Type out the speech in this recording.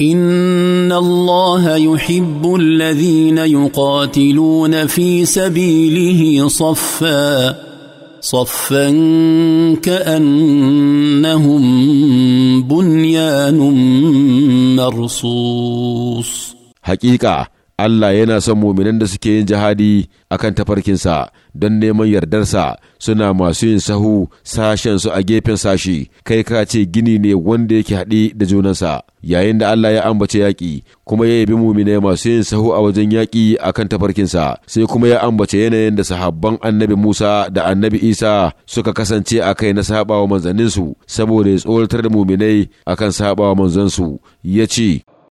ان الله يحب الذين يقاتلون في سبيله صفا صفا كانهم بنيان مرصوص حقيقه Allah yana son muminan da suke yin jihadi a kan tafarkinsa don neman yardarsa suna masu yin sahu su a gefen sashi, kai ka ce gini ne wanda yake haɗe da junansa, yayin da Allah ya ambace yaƙi, kuma ya yabi muminai masu yin sahu a wajen yaƙi a kan tafarkinsa, sai kuma ya ambace yanayin da sahabban annabi Musa da annabi Isa suka kasance a kai na saɓawa manzanninsu, saboda ya tsoratar da muminai a kan saɓawa manzansu, ya ce,